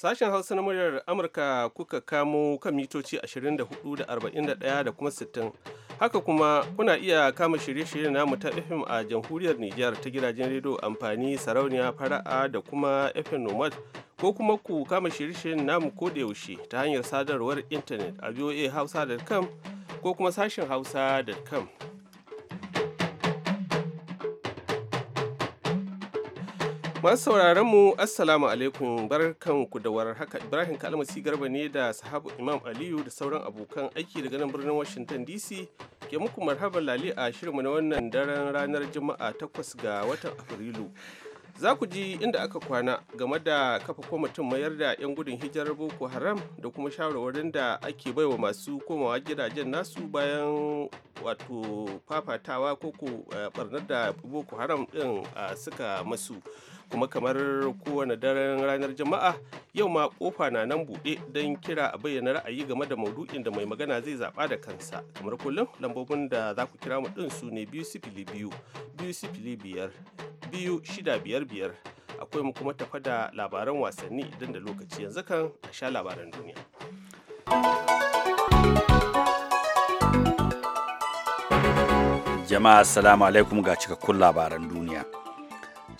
Sashen Hausa na muryar Amurka kuka kamo kan mitoci 24 da 41 da kuma 60. Haka kuma kuna iya kama shirye-shiryen namu ta FM a jamhuriyar Nijar ta gidajen rediyo amfani sarauniya fara'a da kuma FM Nomad ko kuma ku kama shirye-shiryen namu yaushe ta hanyar sadarwar intanet a voahausa.com ko kuma sashen hausa.com. Masu sauraron mu Assalamu alaikum ku da war haka Ibrahim Kalmasi Garba ne da sahabu Imam Aliyu da sauran abokan aiki daga nan birnin Washington DC ke muku marhaban lali a shirin na wannan daren ranar Juma'a takwas ga watan Afrilu. Za ku ji inda aka kwana game da kafa kwamitin mayar da 'yan gudun hijirar Boko Haram da kuma shawarwarin da ake baiwa masu komawa gidajen nasu bayan wato fafatawa ko barnar eh, da Boko Haram ɗin ah, suka masu. kuma kamar kowane daren ranar jama'a yau ma kofa na nan buɗe don kira a bayyana ra'ayi game da maudu'in da mai magana zai zaɓa da kansa kamar kullum lambobin da za ku kira mu ɗin su ne biyu sifili biyu biyu sifili biyar biyu shida biyar biyar akwai mu kuma tafa da labaran wasanni idan da lokaci yanzu kan a sha labaran duniya. Jama'a assalamu alaikum ga cikakkun labaran duniya.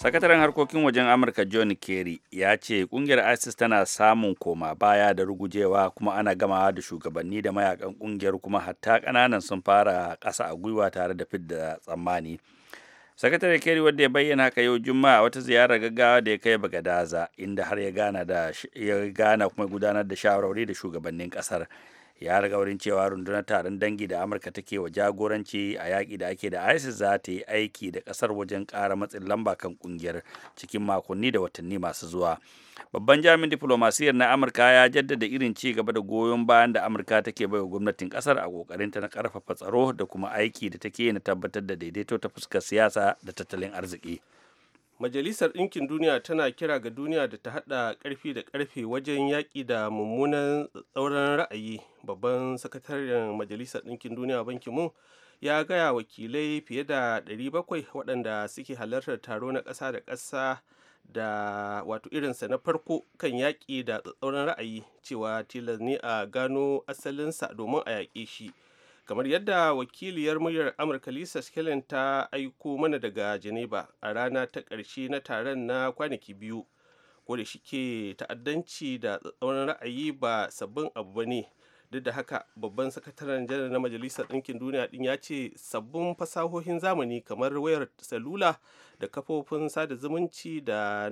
sakataren harkokin wajen amurka john kerry ya ce kungiyar isis tana samun koma baya da rugujewa kuma ana gamawa da shugabanni da mayakan kungiyar kuma hatta kananan sun fara kasa a gwiwa tare da fidda tsammani sakatare kerry wanda ya bayyana haka yau juma'a wata ziyara gaggawa da ya kai bagadaza inda har ya gana da ya gana kuma gudanar da shawarwari da shugabannin kasar ya alkawarin cewa rundunar taron dangi da amurka take wa jagoranci a yaƙi da ake da isis za ta yi aiki da ƙasar wajen ƙara matsin lamba kan ƙungiyar cikin makonni da watanni masu zuwa babban jami'in diflomasiyyar na amurka ya jaddada irin ci gaba da goyon bayan da amurka take baiwa gwamnatin ƙasar a ta na ƙarfafa tsaro da kuma aiki da take na tabbatar da daidaito ta fuskar siyasa da tattalin arziki. majalisar ɗinkin duniya tana kira ga duniya da ta haɗa ƙarfi da ƙarfe wajen yaƙi da mummunan tsauran ra'ayi babban sakataren majalisar ɗinkin duniya banki mun ya gaya wakilai fiye da 700 waɗanda suke halartar taro na ƙasa da ƙasa da wato irinsa na farko kan yaƙi da tsatsauran ra'ayi cewa tilas ne a gano asalinsa domin a yaƙe shi kamar yadda wakiliyar muryar amurka lisa skillen ta aiko mana daga geneva a rana ta ƙarshe na taron na kwanaki biyu ko da shike ta'addanci da tsatsauran ra'ayi ba sabbin abu ba ne duk da haka babban sakataren janar na majalisar ɗinkin duniya ɗin ya ce sabbin fasahohin zamani kamar wayar salula da kafofin sada zumunci da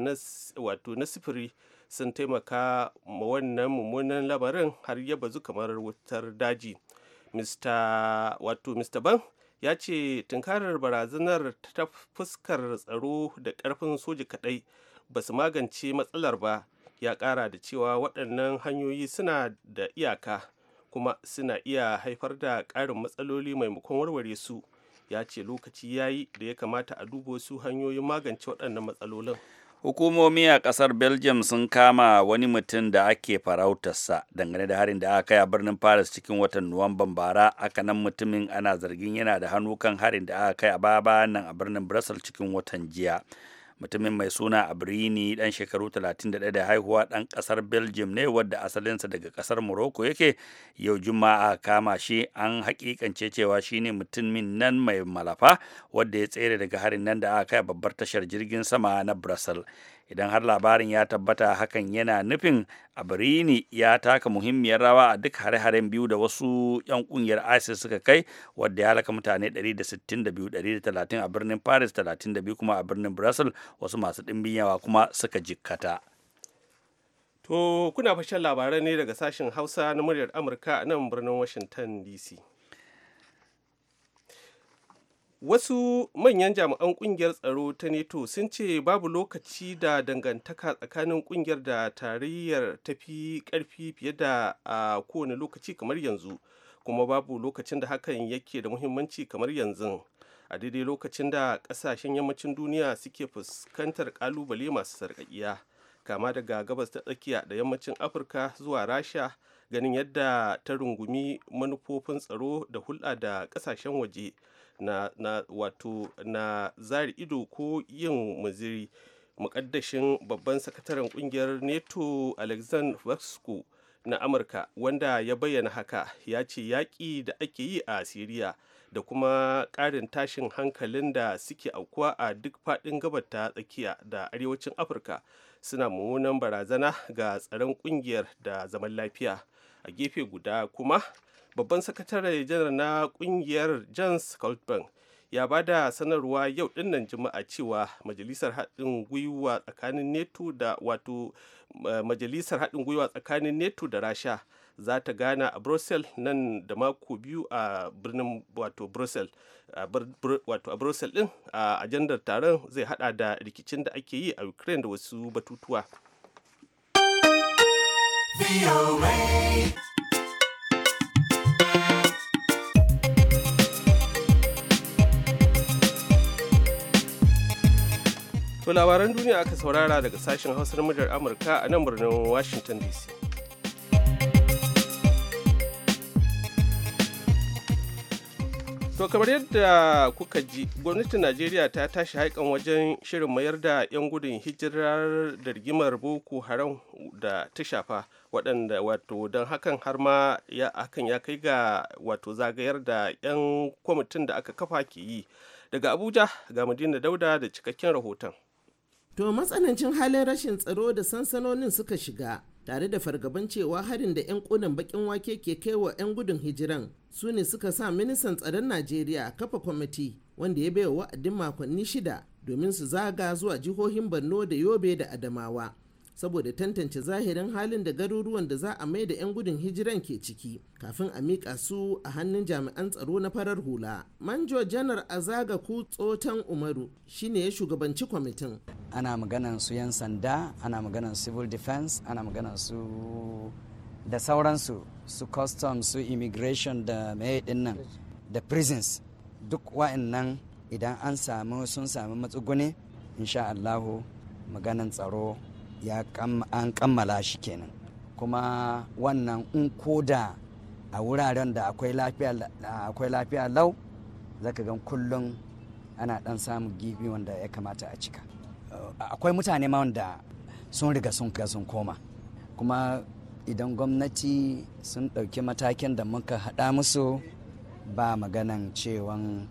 wato na sifiri sun taimaka ma wannan mummunan labarin har ya bazu kamar wutar daji wato mr ban ya ce tunkarar barazanar ta fuskar tsaro da karfin soji kadai ba su magance matsalar ba ya kara da cewa waɗannan hanyoyi suna da iyaka kuma suna iya haifar da ƙarin matsaloli maimakon warware su ya ce lokaci ya yi da ya kamata a duba su hanyoyin magance waɗannan matsalolin hukumomi a kasar belgium sun kama wani mutum da ake farautarsa dangane da harin da aka kai a birnin paris cikin watan nuwamban bara haka nan mutumin ana zargin yana da hannu kan harin da aka kai a baya nan a birnin brussels cikin watan jiya mutumin mai suna abrini dan shekaru 31 da haihuwa dan kasar belgium ne wadda asalinsa daga kasar morocco yake yau juma'a kama shi an hakikance cewa shine mutumin nan mai malafa wadda ya tsere daga harin nan da aka kai babbar tashar jirgin sama na brussels idan har labarin ya tabbata hakan yana nufin abirini ya taka muhimmiyar rawa a duk hare-haren biyu da wasu 'yan kungiyar isis suka kai wadda ya halaka mutane 162-130 a birnin paris 32 kuma a birnin brussels wasu masu ɗimbin yawa kuma suka jikkata to kuna fashin labarai ne daga sashen hausa na muryar amurka nan birnin washington dc wasu manyan jami'an kungiyar tsaro ta neto sun ce babu lokaci da dangantaka tsakanin kungiyar da tarayyar tafi karfi fiye da a kowane lokaci kamar yanzu kuma babu lokacin da hakan yake da muhimmanci kamar yanzu a daidai lokacin da kasashen yammacin duniya suke fuskantar kalubale masu sarƙaƙiya kama daga gabas ta tsakiya da yammacin afirka zuwa rasha ganin yadda ta rungumi manufofin tsaro da hulɗa da kasashen waje na, na wato na zari ido ko yin muziri mukaddashin babban sakataren kungiyar neto alexander vasco na amurka wanda ya bayyana haka ya ce yaƙi da ake yi a siriya da kuma ƙarin tashin hankalin da suke aukuwa a duk faɗin gabar ta tsakiya da arewacin afirka suna mummunan barazana ga tsaron ƙungiyar da zaman lafiya a gefe guda kuma babban sakatare janar na kungiyar jans colburn ya ba da sanarwa yau dinnan juma'a cewa majalisar haɗin gwiwa tsakanin neto da wato majalisar haɗin gwiwa tsakanin neto da rasha za ta gana a brussels nan da mako biyu a birnin wato brussels wato a brussels din a ajandar taron zai hada da rikicin da ake yi a ukraine da wasu batutuwa To labaran duniya aka saurara daga sashen hausar muryar Amurka a nan birnin Washington DC. To kamar yadda kuka ji, gwamnatin Najeriya ta tashi haikan wajen shirin mayar da 'yan gudun hijirar da rigimar Boko Haram da ta shafa waɗanda wato don hakan har ma ya hakan ya kai ga wato zagayar da 'yan kwamitin da aka kafa ke yi. Daga Abuja ga Madina Dauda da cikakken rahoton. To matsanancin halin rashin tsaro da sansanonin suka shiga tare da fargaban cewa harin da 'yan kunan bakin wake ke kai wa 'yan gudun hijiran su ne suka sa ministan tsaron Najeriya kafa kwamiti wanda ya bai wa wa'adin makonni shida domin su zaga zuwa jihohin Borno da Yobe da Adamawa saboda tantance zahirin halin da garuruwan da za a mai da 'yan gudun hijiran ke ciki kafin a miƙa su a hannun jami'an tsaro na farar hula manjo janar azaga kutsotan umaru shine ya shugabanci kwamitin ana maganan su 'yan sanda ana maganan civil defense ana maganan su da sauransu su customs su immigration da mai nan da prisons duk wa'annan idan an samu sun samu matsuguni insha allahu maganan tsaro an kammala shi kenan kuma wannan in koda a wuraren da akwai lafiya lau zaka gan kullum ana dan samun gibi wanda ya kamata a cika akwai mutane ma wanda sun riga sun sun koma kuma idan gwamnati sun ɗauki matakin da muka haɗa musu ba maganan cewan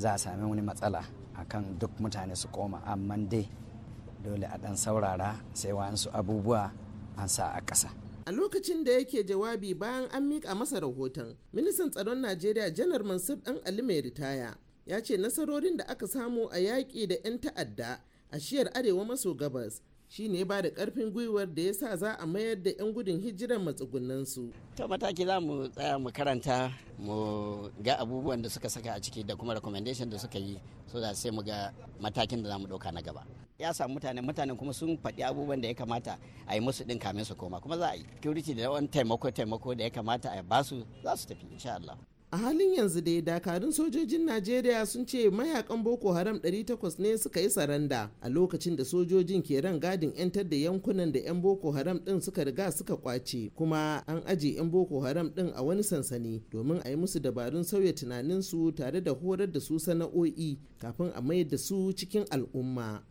za a sami wani matsala akan duk mutane su koma amma dai dole a dan saurara sai wa'ansu abubuwa an sa a ƙasa. a lokacin da yake jawabi bayan an miƙa masa rahoton ministan tsaron najeriya janar mansur dan ali mai ritaya ya ce nasarorin da aka samu a yaƙi da 'yan ta'adda a shiyar arewa maso gabas shi ne ba da karfin gwiwar da ya sa za a mayar da 'yan gudun hijirar su. ta mataki za mu tsaya mu karanta mu ga abubuwan da suka saka a ciki da kuma recommendation da suka yi so da sai mu ga matakin da za mu ɗauka na gaba ya samu mutane mutane kuma sun faɗi abubuwan da ya kamata a yi musu ɗin kamin su koma kuma za a yi security da wani taimako taimako da ya kamata a basu za su tafi insha Allah. a halin yanzu dai dakarun sojojin najeriya sun ce mayakan boko haram 800 ne suka yi saranda a lokacin da sojojin ke ran gadin 'yantar da yankunan da 'yan boko haram din suka riga suka kwace kuma an aje 'yan boko haram din a wani sansani domin a yi musu dabarun sauya tunaninsu tare da horar da su sana'o'i kafin a mayar da su cikin al'umma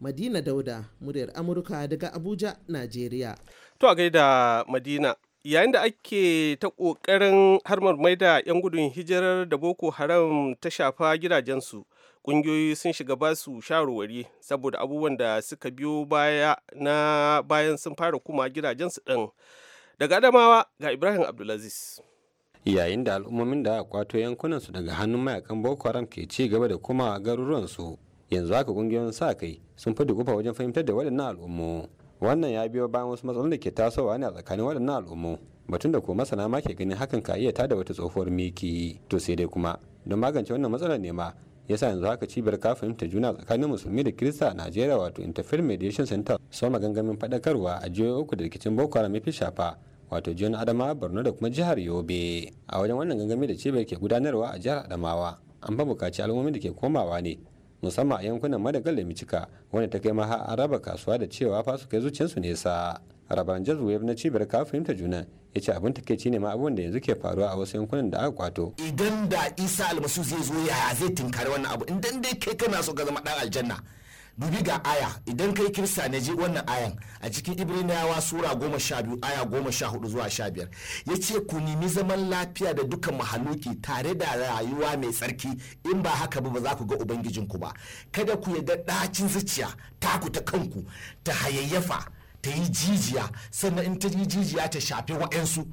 madina dauda muryar amurka daga abuja najeriya to a gaida madina yayin da ake ta ƙoƙarin harmar mai da 'yan gudun hijirar da boko haram ta shafa gidajensu ƙungiyoyi sun shiga ba su shawarwari saboda abubuwan da suka biyo baya na bayan sun fara kuma gidajensu ɗin daga adamawa ga ibrahim abdulaziz yayin da al'ummomin da kwato yankunansu daga hannun mayakan boko haram ke ci gaba da kuma garuruwansu yanzu haka ƙungiyoyin sa kai sun fi dukufa wajen fahimtar da waɗannan al'ummu wannan ya biyo bayan wasu matsalolin da ke tasowa ne a tsakanin waɗannan al'ummu batun da ko masana ma ke ganin hakan ka iya tada wata tsohuwar miki to sai dai kuma don magance wannan matsalar ne ma yasa yanzu haka cibiyar ka fahimta juna tsakanin musulmi da kirista a najeriya wato interfaith mediation center soma gangamin faɗakarwa a jihohi uku da rikicin boko haram ya fi shafa wato jihar adamawa borno da kuma jihar yobe a wajen wannan gangami da cibiyar ke gudanarwa a jihar adamawa an ba bukaci al'ummomin da ke komawa ne musamman a yankunan madagal da micika wanda ta kai maha an raba kasuwa da cewa fa su kai zuciyarsu nesa raban web na cibiyar ka fahimta juna ya ce abin takaici ne ma abin da yanzu ke faruwa a wasu yankunan da aka kwato. idan da isa almasu zai zo yaya zai tinkari wannan abu idan dai kai kana so ka zama dan aljanna dubi ga aya idan kai kirista na je wannan ayan a cikin ibraniyawa sura goma sha biyu aya goma sha hudu zuwa sha biyar ya ce ku nemi zaman lafiya da dukan mahaluki tare da rayuwa mai tsarki in ba haka ba za ku ga ubangijinku ba kada ku yarda ɗacin zuciya taku ta kanku ta hayayyafa ta yi jijiya sannan in ta yi jijiya ta shafi wa'yansu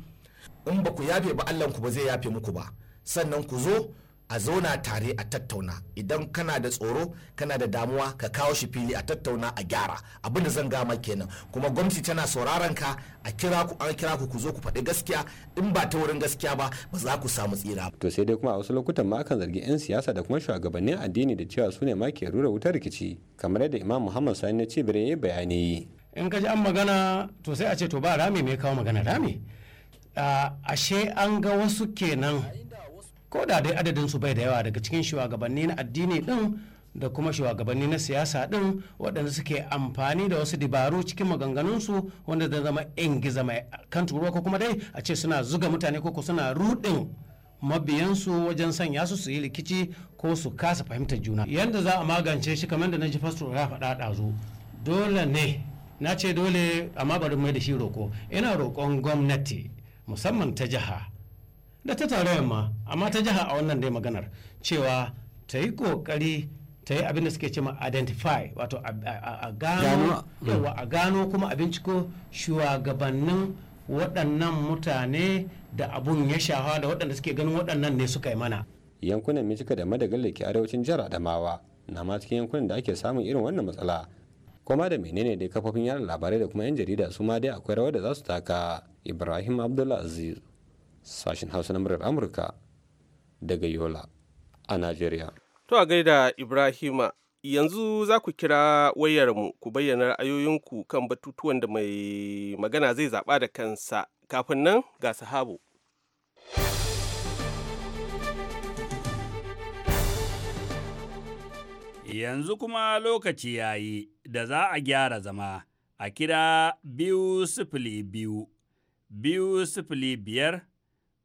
in ba ku yafe ba allahnku ba zai yafe muku ba sannan ku zo a zauna tare a tattauna idan kana da tsoro kana da damuwa ka kawo shi fili a tattauna a gyara abin da zan gama kenan kuma gwamnati tana sauraron ka a kira ku an kira ku ku zo ku faɗi gaskiya in ba ta wurin gaskiya ba ba za ku samu tsira to sai dai kuma a wasu lokutan ma akan zargi yan siyasa da kuma shugabannin addini da cewa su ne ma ke rura wutar rikici kamar yadda imam muhammad sani na cibiyar ya bayani in ka ji an magana to sai a ce to ba rami mai kawo magana rami ah, ashe an ga wasu kenan ko da dai adadin su bai da yawa daga cikin shugabanni na addini din da kuma shugabanni na siyasa din waɗanda suke amfani da wasu dabaru cikin maganganunsu wanda zai zama ingiza mai kan turuwa ko kuma dai a ce suna zuga mutane ko suna rudin mabiyansu wajen sanya su su yi rikici ko su kasa fahimtar juna yadda za a magance shi kamar da na ji fasto ya faɗa ɗazu dole ne na ce dole amma bari mai da shi roko ina roƙon gwamnati musamman ta jiha da ta tarayyar yamma amma ta jiha a wannan dai maganar cewa ta yi kokari ta yi abin da suke cema identify wato a gano yawa mm. a gano kuma a binciko shugabannin waɗannan mutane da abun ya shafa da waɗanda suke ganin waɗannan ne suka yi mana yankunan mijika da madagal da ke arewacin jihar adamawa na ma cikin yankunan da ake samun irin wannan matsala kuma da menene dai kafofin yada labarai da kuma yan jarida su ma dai akwai rawar da za su taka ibrahim abdulaziz sashen hausa na murar amurka daga yola a najeriya to a gaida ibrahima yanzu za ku kira wayarmu ku bayyana ra'ayoyinku kan batutuwan da mai magana zai zaɓa da kansa kafin nan ga sahabu yanzu kuma lokaci ya yi da za a gyara zama a kira biyu sifili biyu biyu sifili biyar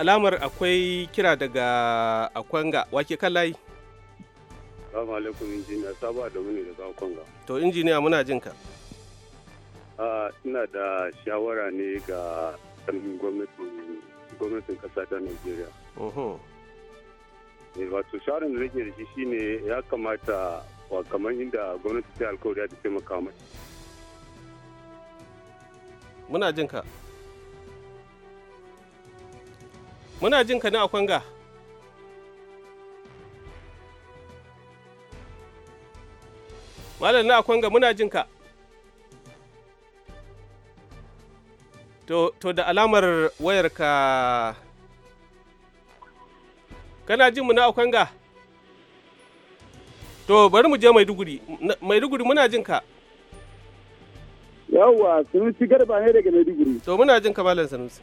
alamar akwai kira daga akwanga wake kan layi salamu alaikum injiniya sabo da muni daga akwanga to injiniya muna jin ka ina da shawara ne ga gwamnatin kasa ta nigeria eh, wato shawarar da nake da shi shine ya kamata wa kamar inda gwamnati ta alkawari ta taimaka mai muna jin ka Muna jin ka a kwanga, Malam na kwanga muna jin ka. To, to da alamar wayarka kana jin mu na kwanga, To, bari mu je Maiduguri. Maiduguri muna jin ka. Yawwa, ci Garba ne daga Maiduguri. To, muna jin ka Malam Sanusi.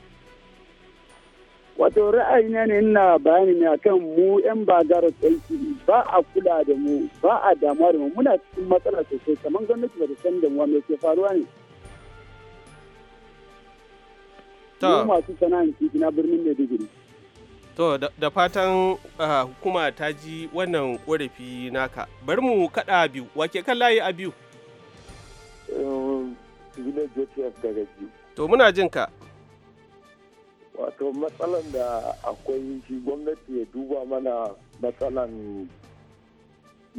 wato ra'ayina ne ina bayani ne akan mu yan bagara tsanki ba a kula da mu ba a damuwa da mu muna cikin matsala sosai kamar gwamnati ba ta san damuwa mai ke faruwa ne ta masu sana'an titi na birnin maiduguri to da fatan hukuma ta ji wannan ƙorafi naka bari mu kaɗa biyu wake kan layi a eh, biyu to muna jin ka wato matsalan da akwai shi gwamnati ya duba mana matsalan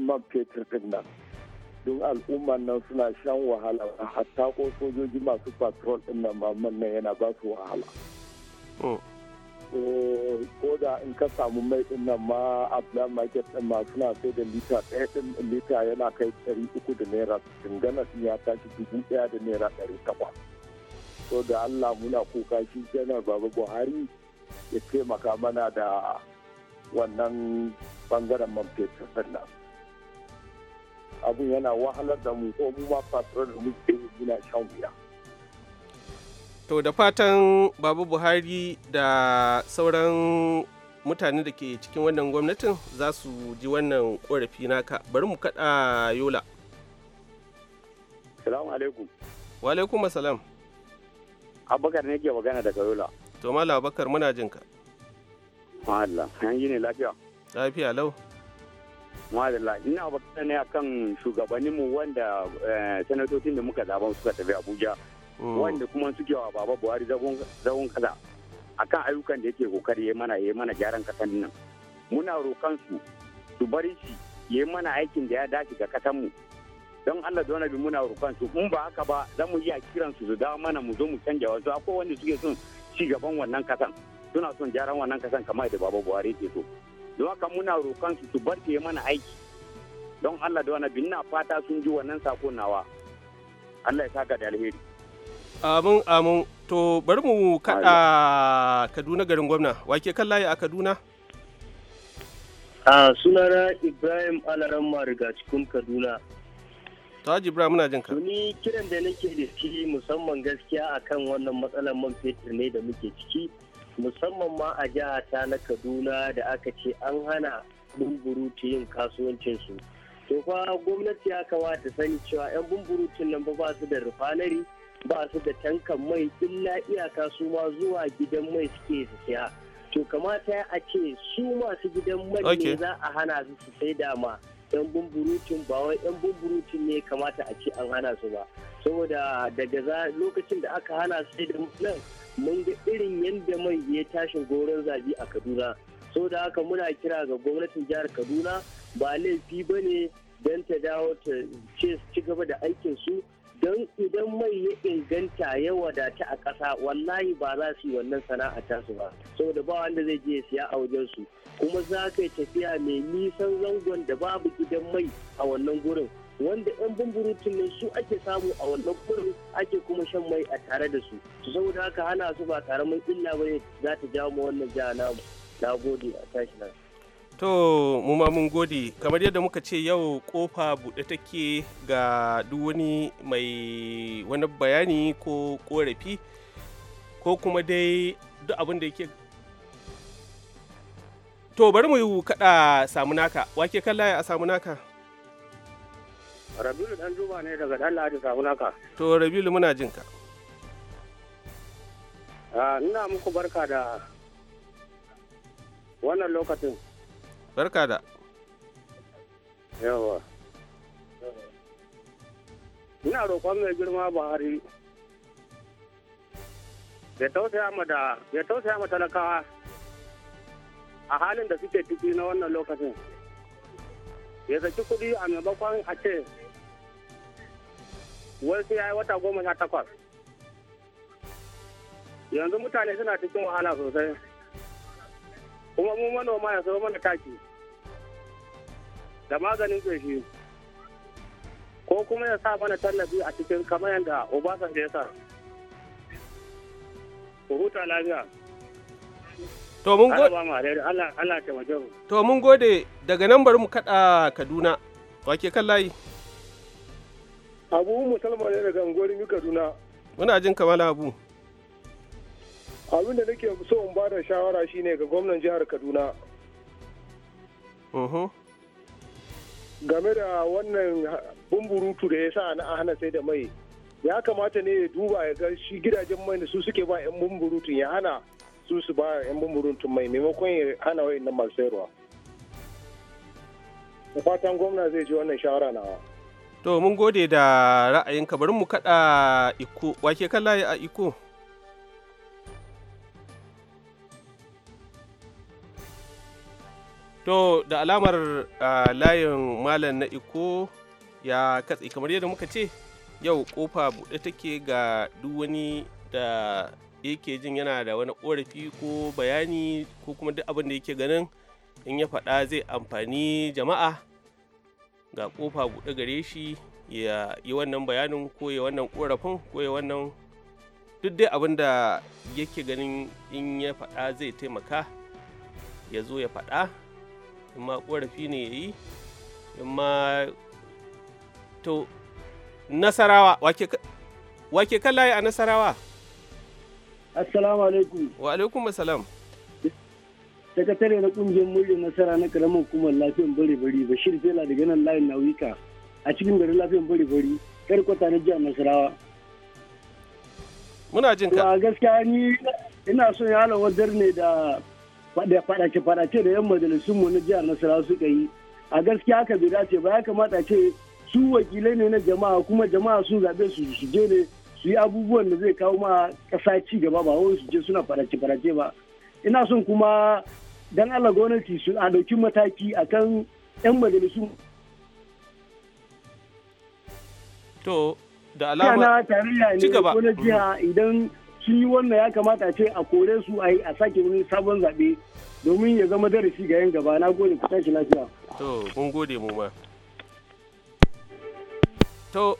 man fetur din nan don al'umman nan suna shan wahala hatta ko sojoji masu patrol din nan ma nan yana ba su wahala oh. ko da in ka samu mai din nan ma a black market din ma suna sai da lita ɗaya din lita yana kai ɗari uku da naira dangana ya tashi 1000 ɗaya da naira ɗari so da allah muna kuka shi janar baba buhari ya taimaka mana da wannan bangaren man fetur nan abin yana wahalar da mu ko mu ma fasirar da muke muna shan wuya to da fatan babu buhari da sauran mutane da ke cikin wannan gwamnatin za su ji wannan korafi naka bari mu kada yola salamu alaikum wa alaikum assalam abubakar ne ke magana daga yola to mala abubakar muna jin ka mala an yi ne lafiya lafiya lau mala ina bakar ne akan shugabanninmu wanda eh, sanatocin da muka zaba suka tafi abuja mm. wanda kuma suke wa baba buhari zagon kaza akan ayyukan da yake kokari ya mana ya mana gyaran kasan nan muna rokan su su bari shi ya mana aikin da ya dace ga kasan mu don Allah da wani muna rufan su in ba haka ba za mu iya kiran su su dawo mana mu zo mu canja wasu akwai wanda suke son ci gaban wannan kasan suna son gyaran wannan kasan kamar yadda baba Buhari ke so don haka muna rokan su su barke mana aiki don Allah da wani na fata sun ji wannan sako nawa Allah ya saka da alheri amin amin to bari mu kada Kaduna garin gwamna wake kan layi a Kaduna a sunana Ibrahim Alaramma riga cikin Kaduna Tawaji Ibrahim muna jin ka. Ni kiran da nake da shi musamman gaskiya akan wannan matsalar man fetur ne da muke ciki musamman ma a jiha ta na Kaduna da aka ce an hana bumburutu yin kasuwancinsu. To fa gwamnati ya kamata sani cewa 'yan bumburutun nan ba su da rufanari ba su da tankan mai illa iyaka su ma zuwa gidan mai suke siya. To kamata a ce su masu gidan mai ne za a hana su su sai da ma yan bumburutun ba wai yan bumburutun ne kamata a ce an hana su ba saboda daga lokacin da aka hana su da nan mun ga irin yadda mai ya tashin goron zabi a kaduna saboda haka muna kira ga gwamnatin jihar kaduna ba laifi ba ne don ta dawo ta ce su ci gaba da aikin su don idan mai ya inganta ya wadata a ƙasa wallahi ba za su yi wannan sana'a ta su ba saboda ba wanda zai je siya a wajen su kuma za ka yi tafiya mai nisan zangon da babu gidan mai a wannan gurin wanda yan bumburutun ne su ake samu a wannan gurin ake kuma shan mai a tare da su saboda haka hana su ba karamin illa ba ne za ta jawo wannan jiha namu na gode a tashi na. To mu ma mun gode kamar yadda muka ce yau kofa buɗe take ga duk wani mai wani bayani ko korafi ko kuma dai duk abin da yake to bari mu yi kaɗa samu naka wake kalla a samu naka rabilu dan duba ne daga ɗan ladi samu naka to rabilu muna jin ka ah, ina muku barka da wannan lokacin barka da yawa ina roƙon mai girma buhari ya tausaya ma da ya tausaya ma talakawa a halin da suke ciki na wannan lokacin ya saki kuɗi a maimakon a ce wai sai ya yi wata goma sha takwas yanzu mutane suna cikin wahala sosai kuma mu manoma ya zama mana taki da maganin feshi ko kuma ya sa mana tallafi a cikin kamar yadda obasan ya sa ku huta lafiya to mun gode Allah to mun gode daga nan bari mu kada Kaduna wake kan layi Abu Musalma ne daga Angori Kaduna muna jin kamar Abu abin da nake so in bada shawara shine ga gwamnan jihar Kaduna game da wannan bumburutu da ya sa na hana sai da mai ya kamata ne ya duba ya ga shi gidajen mai da su suke ba 'yan bumburutun ya hana su su ba 'yan bumburutun mai maimakon ya hana wayan nan masu sayarwa fatan gwamna zai ji wannan shawara nawa to mun gode da ra'ayinka bari mu kaɗa iko wake kan layi a iko to da alamar layin malam na iko ya katse kamar yadda muka ce yau kofa buɗe take ga duk wani da yake jin yana da wani korafi ko bayani ko kuma duk abin da yake ganin in ya faɗa zai amfani jama'a ga kofa buɗe gare shi ya yi wannan bayanin ko ya wannan korafin ko ya wannan duk dai abin da yake ganin in ya faɗa zai taimaka ya zo ya faɗa in ma korafi ne ya yi in ma to nasarawa wake layi a nasarawa assalamu alaikum wa alaikum assalam sakatare na kungiyar muryar nasara na karamar hukumar lafiyan bare bari bashir fela daga nan layin nauyuka a cikin garin lafiyan bare bari yar kwata na jihar nasarawa muna jin ka gaskiya ni ina son ya halawar ne da faɗace-faɗace da 'yan majalisun mu na jihar Nasarawa suka yi a gaskiya haka bai dace ba ya kamata ce su wakilai ne na jama'a kuma jama'a su zaɓe su su je ne su yi abubuwan da zai kawo ma ƙasa ci gaba ba wai su je suna faɗace faɗace ba ina son kuma dan Allah gwamnati su a ɗauki mataki akan 'yan majalisun to da alama ci gaba mm. idan yi wannan ya kamata a ce a kore su a yi a sake wani sabon zaɓe domin ya zama darasi ga yan gaba na gode ku tashi lafiya to mun gode mu ma to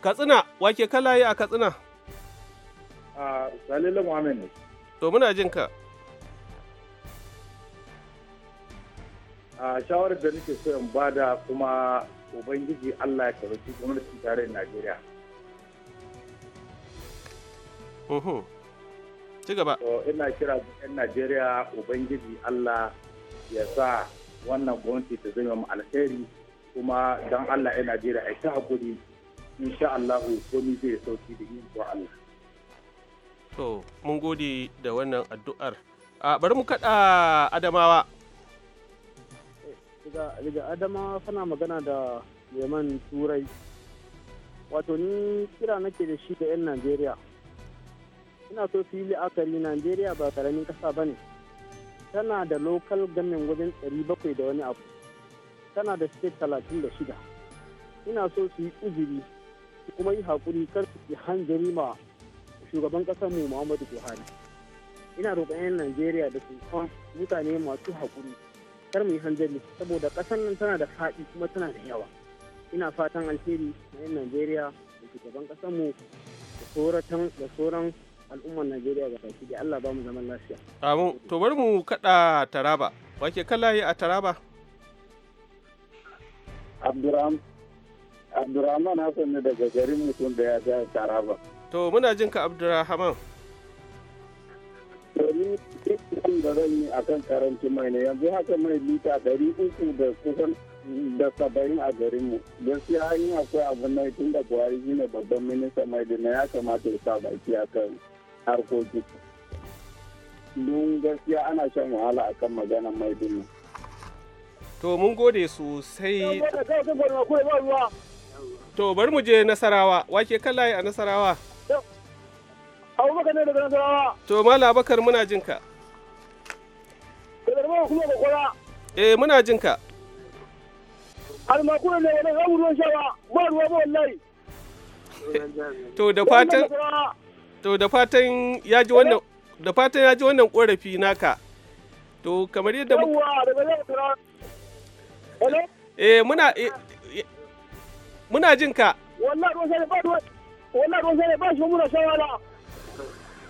katsina wake yi a katsina a Salilu muhammed ne to muna jin ka a shawarar da nake so in bada kuma ubangiji allah ya karɓi gwamnatin tarihin najeriya oho ci gaba to ina kira yan najeriya ubangiji allah ya sa wannan gwamnati ta zama mu alheri kuma don allah yan najeriya a ta hakuri insha allah komi zai sauki da yin ko allah to mun gode da wannan addu'ar bari mu kaɗa adamawa daga adamawa kana magana da yaman turai wato ni kira nake da shi da 'yan najeriya ina so su yi la'akari najeriya ba karamin kasa ba ne tana da lokal gamin wajen 700 da wani abu tana da state 36 ina so su yi uziri su kuma yi haƙuri kar su yi hanzari ma shugaban ƙasar mu muhammadu buhari ina roƙon 'yan najeriya da su kan mutane masu haƙuri kar mu yi hanzari saboda ƙasar nan tana da faɗi kuma tana da yawa ina fatan alheri na 'yan najeriya da shugaban ƙasar mu da sauran al'ummar Najeriya ga baki da Allah ba mu zaman lafiya. Amu, to bari mu kada Taraba. Wake kallaye a Taraba? Abdurrahman Abdurrahman Hassan ne daga garin mutum da ya a Taraba. To muna jin ka Abdurrahman. ni kitin da zan yi a kan karancin mai ne yanzu haka mai lita ɗari uku da kusan da saba'in a garinmu. Gaskiya an yi akwai abin nai tun da Buhari shine babban minista mai dina ya kamata ya sa baki a kan harkoki don gaskiya ana shan wahala a kan maganan mai dinnan to mun gode sosai to bari mu je nasarawa wake layi a nasarawa abubakar ne daga nasarawa to mala bakar muna jinka eh muna jinka ne wani ba ruwa ba to da fatan to da fatan ya ji wannan da fatan ya ji wannan korafi naka to kamar yadda eh muna eh, eh, muna jin ka wallahi sai ba wallahi sai ba shi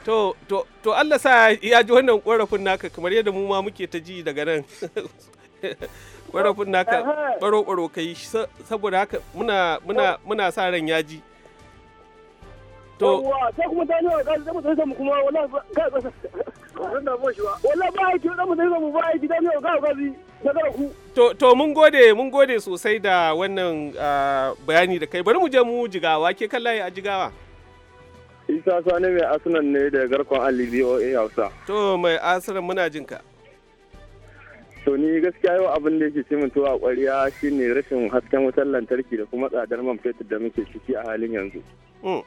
to to to Allah sa ya ji wannan korafin naka kamar yadda mu ma muke ta ji daga nan korafin naka baro baro kai saboda haka muna muna muna sa ran ya ji to sai kuma wa mu kuma wallahi ga da boshi wallahi ba da mu ba wa da to to mun gode mun gode sosai da wannan ah, bayani da kai bari mu je mu jigawa ke kallaye a jigawa Isa Sani mai asunan ne da garkon Ali BOA Hausa. To mai asunan muna jinka. To ni gaskiya yau abin da yake cimin tuwa kwariya shine rashin hasken wutar lantarki da kuma tsadar man fetur da muke ciki a halin yanzu. Mm.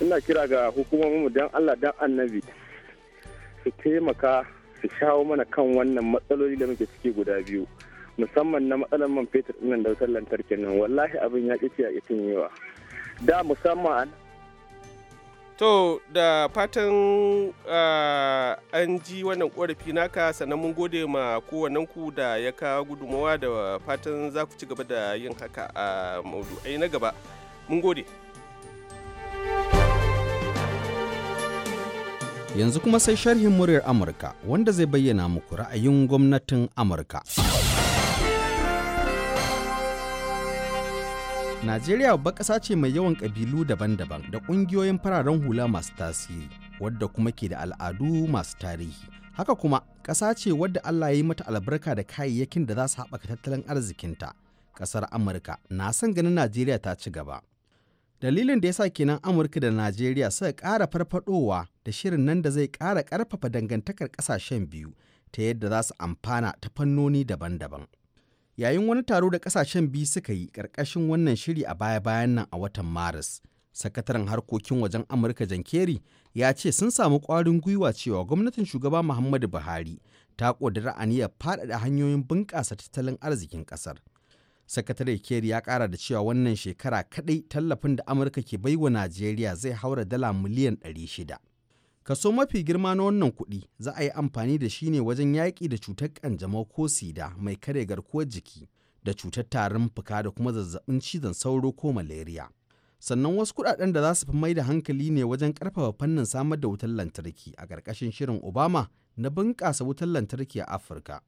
ina kira ga hukumomin don Allah don annabi su taimaka su shawo mana kan wannan matsaloli da muke ciki guda biyu musamman na matsalar man fetur ɗin da wutar lantarki nan wallahi abin ya ƙi ya cinyewa da musamman To da fatan an ji wannan korafi naka sannan mun gode ma ku da ya kawo gudumawa da fatan za ku ci gaba da yin haka a uh, maudu'ai na gaba. Mun gode. Yanzu kuma sai sharhin muryar Amurka wanda zai bayyana muku ra'ayin gwamnatin Amurka. Najeriya ba ƙasa ce mai yawan ƙabilu daban-daban da ƙungiyoyin fararen hula masu tasiri, wadda kuma ke da al'adu masu tarihi. Haka kuma ƙasa ce wadda Allah ya yi mata albarka da kayayyakin da za su haɓaka tattalin arzikinta. Ƙasar Amurka na son ganin Najeriya ta ci gaba. Dalilin da ya sa kenan Amurka da Najeriya suka ƙara farfadowa da shirin nan da zai ƙara ƙarfafa dangantakar ƙasashen biyu ta yadda za su amfana ta fannoni daban-daban. Yayin wani taro da ƙasashen biyu suka yi ƙarƙashin wannan shiri a baya-bayan nan a watan Maris, sakataren harkokin wajen Amurka Jan Kerry ya ce sun samu ƙwarin gwiwa cewa gwamnatin shugaba Muhammadu Buhari ta ƙudura aniyar faɗaɗa hanyoyin bunƙasa tattalin arzikin ƙasar. sakatare keri ya kara da cewa wannan shekara kadai tallafin da amurka ke baiwa najeriya zai haura dala miliyan 600 kaso mafi girma na wannan kuɗi za a yi amfani da shi ne wajen yaƙi da cutar kanjamau ko sida mai kare garkuwar jiki da cutar tarin fuka da kuma zazzabin cizon sauro ko malaria sannan wasu kuɗaɗen da za su fi mai da hankali ne wajen ƙarfafa fannin samar da wutar lantarki a ƙarƙashin shirin obama na bunƙasa wutar lantarki a afirka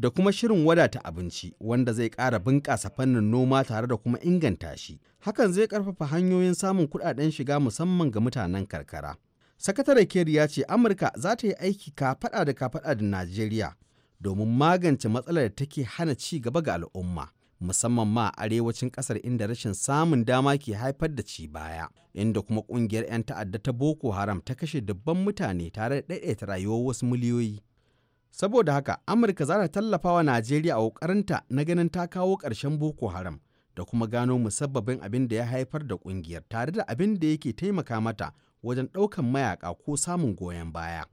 da kuma shirin wadata abinci wanda zai ƙara bunƙasa fannin noma tare da kuma inganta shi. Hakan zai ƙarfafa hanyoyin samun kuɗaɗen shiga musamman ga mutanen karkara. Sakatare ker ya ce Amurka za ta yi aiki kafaɗa da kafaɗa da Najeriya domin magance matsalar da take hana ci gaba ga al'umma. musamman ma a arewacin kasar inda rashin samun dama ke haifar da ci baya inda kuma ƙungiyar 'yan ta'adda ta boko haram ta kashe dubban mutane tare da ɗaiɗaita rayuwar wasu miliyoyi Saboda haka Amurka za ta tallafa wa Najeriya a ƙoƙarinta na ganin ta kawo ƙarshen Boko Haram da kuma gano musabbabin abin da ya haifar da ƙungiyar tare da abin da yake taimaka mata wajen ɗaukan mayaƙa ko samun goyon baya.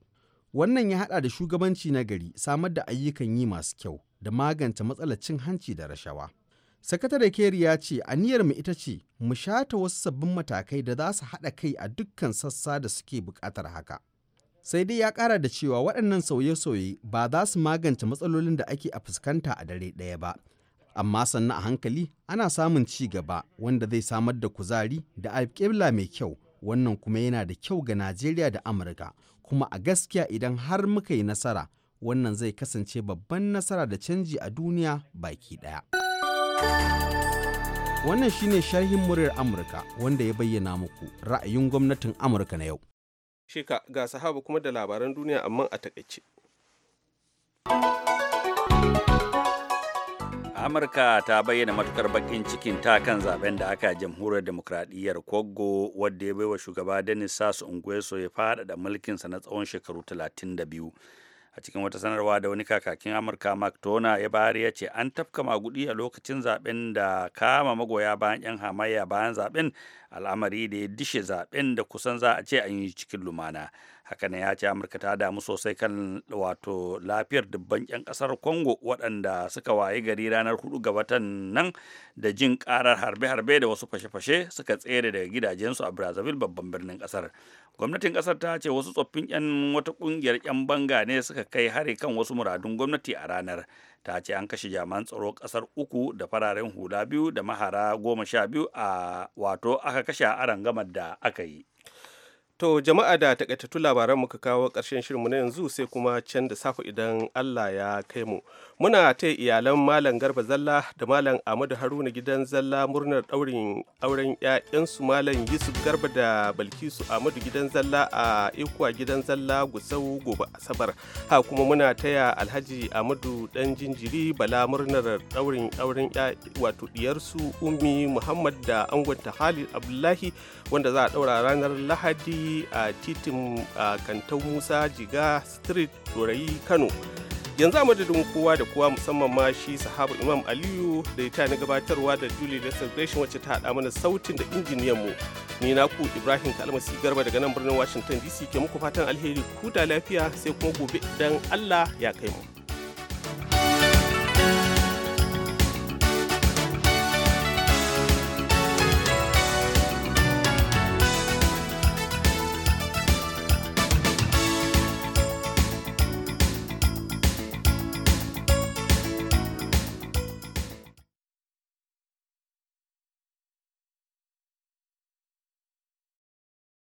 Wannan ya haɗa da shugabanci na gari, samar da ayyukan yi masu kyau da magance matsalar cin hanci da rashawa. Sakatare keri ya ce aniyarmu ita ce mu shata wasu sabbin matakai da za su haɗa kai a dukkan sassa da suke buƙatar haka. sai dai ya kara da cewa waɗannan sauye-sauye ba za su magance matsalolin da ake a fuskanta a dare ɗaya ba amma sannan a hankali ana samun ci gaba wanda zai samar da kuzari da alƙibla mai kyau wannan kuma yana da kyau ga najeriya da amurka kuma a gaskiya idan har muka yi nasara wannan zai kasance babban nasara da canji a duniya baki ɗaya wannan shine sharhin muryar amurka wanda ya bayyana muku ra'ayin gwamnatin amurka na yau Shika ga sahaba kuma da labaran duniya amma a takaice. Amurka ta bayyana matukar bakin cikin ta kan zaben da aka jamhuriyar demokradiyyar Congo wadda ya baiwa shugaba Denis Sassou Nguesso ya faɗaɗa mulkinsa na tsawon shekaru 32. a cikin wata sanarwa da wani kakakin amurka mark tona ya bayar ya ce an tafka magudi a lokacin zaben da kama magoya bayan yan hamayya bayan zaben al'amari da ya dishe zaben da kusan za a ce an yi cikin lumana haka ne ya ce amurka ta damu sosai kan wato lafiyar dubban 'yan kasar congo waɗanda suka waye gari ranar hudu gabatan nan da jin karar harbe-harbe da wasu fashe-fashe suka tsere daga gidajensu a brazzaville babban birnin kasar gwamnatin kasar ta ce wasu tsoffin 'yan wata kungiyar 'yan banga ne suka kai hari kan wasu muradun gwamnati a ranar ta ce an kashe jaman tsaro kasar uku da fararen hula biyu da mahara goma sha biyu a wato aka kashe a gamar da aka yi To jama'a da takaitattu labaran muka kawo ƙarshen shirinmu na yanzu sai kuma can da safe idan Allah ya kai mu. Muna ta iyalan Malam Garba Zalla da Malam Ahmadu Haruna gidan Zalla murnar ɗaurin auren ‘ya'yansu Malam Yusuf Garba da Balkisu Ahmadu gidan Zalla a Ikuwa gidan Zalla Gusau gobe Asabar. Ha kuma muna taya Alhaji Ahmadu ɗan jinjiri Bala murnar ɗaurin auren wato diyarsu Ummi Muhammad da angonta Halil Abdullahi wanda za a ɗaura ranar Lahadi a titin kantan musa jiga street turai kano yanzu a madadin kowa da kowa musamman ma shi sahabu imam aliyu da ya na gabatarwa da julie da celebration wacce ta haɗa mana sautin da injiniyan mu ni na ku ibrahim kalmasi garba daga nan birnin washington dc ke muku fatan alheri ku da lafiya sai kuma gobe idan allah ya kai mu